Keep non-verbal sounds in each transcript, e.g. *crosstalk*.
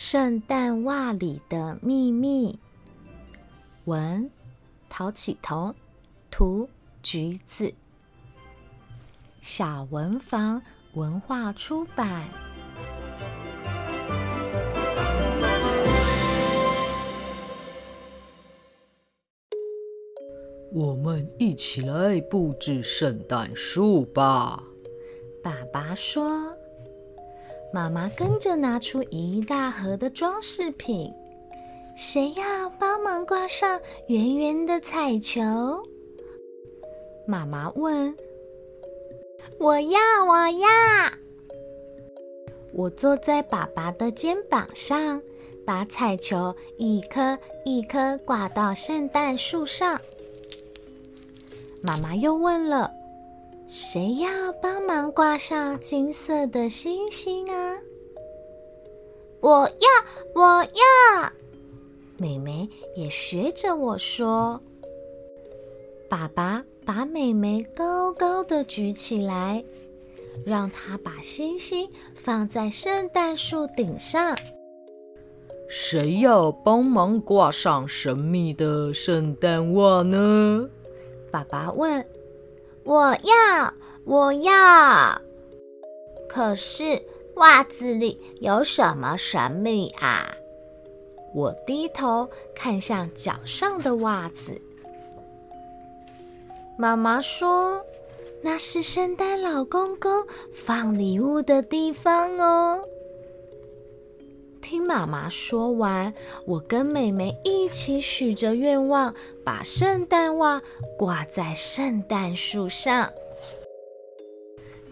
聖誕襪裡的秘密，文陶啟桐，圖橘子，小文房文化出版。我們一起來布置聖誕樹吧，爸爸說。媽媽跟着拿出一大盒的裝飾品，誰要幫忙掛上圓圓的彩球？媽媽問。我要，我要。我坐在爸爸的肩膀上，把彩球一顆一顆掛到聖誕樹上。媽媽又問了。誰要幫忙掛上金色的星星啊？我要，我要！妹妹也學着我說。爸爸把妹妹高高的舉起來，讓她把星星放在聖誕樹頂上。誰要幫忙掛上神秘的聖誕襪呢？爸爸問。我要，我要。可是襪子裡有什麼神秘啊？我低頭看向腳上的襪子。媽媽說，那是聖誕老公公放禮物的地方哦。聽媽媽說完，我跟妹妹一起許着願望，把聖誕襪掛在聖誕樹上。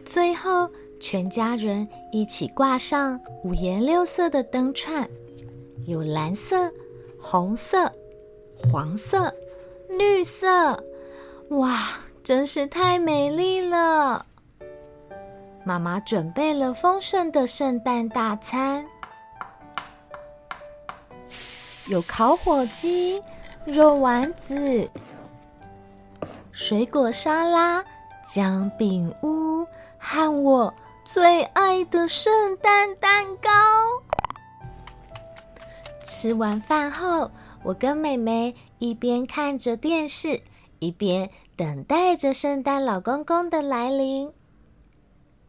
最後，全家人一起掛上五顏六色的燈串，有藍色、紅色、黃色、綠色，哇，真是太美麗了！媽媽準備了豐盛的聖誕大餐。有烤火雞、肉丸子、水果沙拉、薑餅屋，和我最愛的聖誕蛋糕。 *noise* 吃完飯後，我跟妹妹一邊看着電視，一邊等待着聖誕老公公的來臨。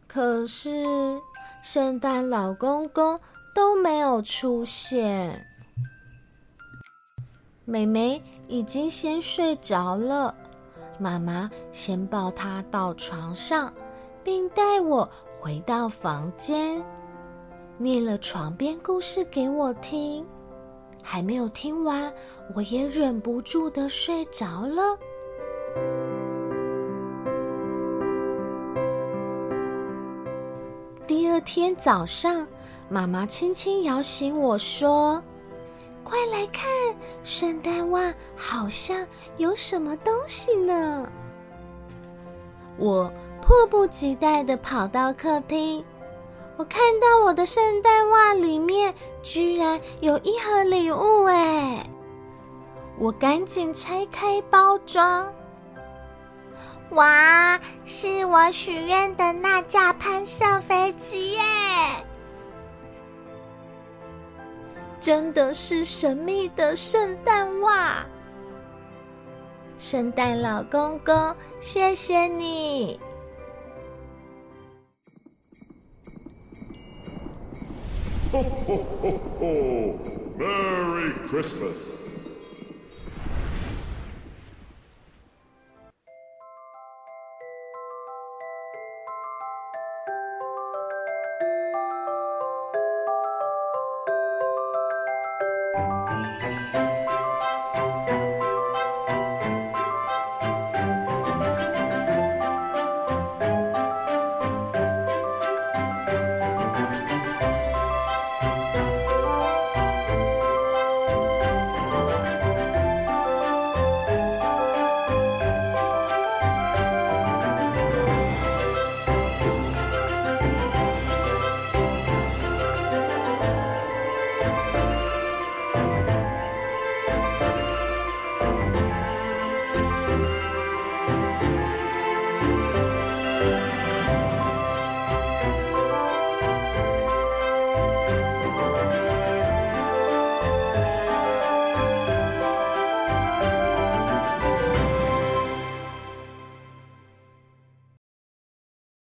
可是，聖誕老公公都沒有出現。妹妹已經先睡着了，媽媽先抱她到床上，並帶我回到房間，念了床邊故事給我聽，還沒有聽完，我也忍不住的睡着了。第二天早上，媽媽輕輕搖醒我說。快來看，聖誕襪好像有什麼東西呢？我迫不及待地跑到客廳，我看到我的聖誕襪裡面居然有一盒禮物哎！我趕緊拆開包裝，哇，是我許願的那架噴射飛機耶！真的是神秘的聖誕襪，聖誕老公公，謝謝你。 *music*